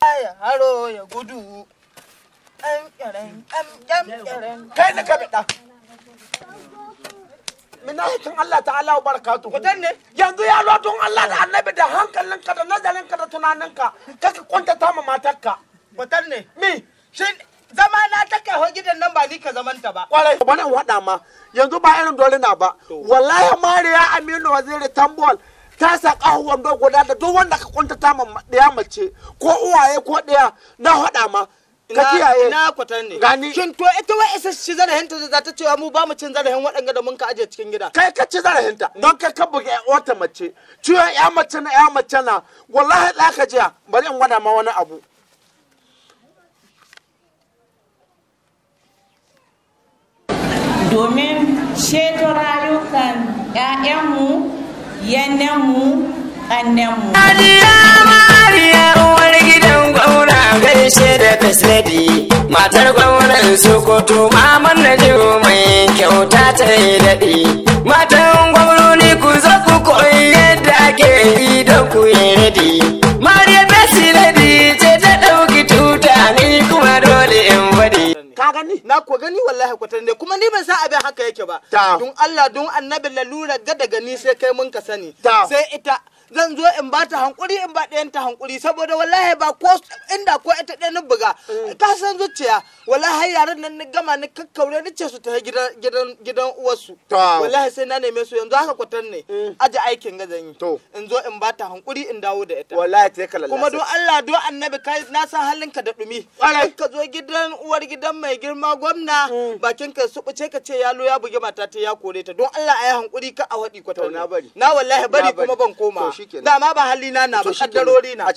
ya haro ya gudu kai na kabe Allah ta'ala wa barakatu kudan ne yanzu ya lotun Allah da annabi da hankalinka da nazarinka da tunaninka kaka ta ma matarka kudan ne mi shin zama na ta kai gidan nan ba ni ka zaman ta ba kwarai bana wada ma yanzu ba irin dole na ba wallahi mariya aminu waziri tambol ta sa kahuwar dogoda da duk wanda ka ta ma ɗaya mace ko uwaye ko ɗaya na haɗa ma ka kiyaye na kwatan ne gani kin to ita wai isa ci zarahin ta za ta cewa mu ba mu cin zarahin waɗanga da mun ka aje cikin gida kai ka ci zarahin ta don kai ka buge wata mace ciwon ya mace na ya mace na wallahi da ka jiya bari in gwada ma wani abu domin sheto rayukan 'ya'yanmu gidan kannanmu gaishe da tasiri matar gwamnan sokoto maman na jiwo mai kyauta ta yi daɗi matan gwamnoni ku zo ku koyi yadda ake yi don ku yi daɗi gani na ko gani wallahi kwatar ne kuma ni ban san abin haka yake ba don Allah don annabi lalura ga daga sai kai mun ka sani sai ita zan zo in ba ta hankuri in ba ɗayan ta hankuri saboda wallahi ba ko inda ko ita ɗaya ni buga ka mm. san zuciya wallahi yaran nan ni gama ni kakkaure ni ce su ta gidan gidan gidan uwarsu wallahi sai na neme su yanzu haka kwatan ne mm. aje aikin ga zan yi in zo in ba ta hankuri in dawo da ita wallahi ta kala kuma don Allah don annabi kai na san halinka da dumi ka zo gidan uwar gidan mai girma gwamna mm. bakin ka su ce ka ce yalo ya bugi mata ta ya kore ta don Allah ayi hankuri ka a waɗi kwatan na bari na wallahi bari kuma ban koma kenan. dama ba halina na ba kaddarori na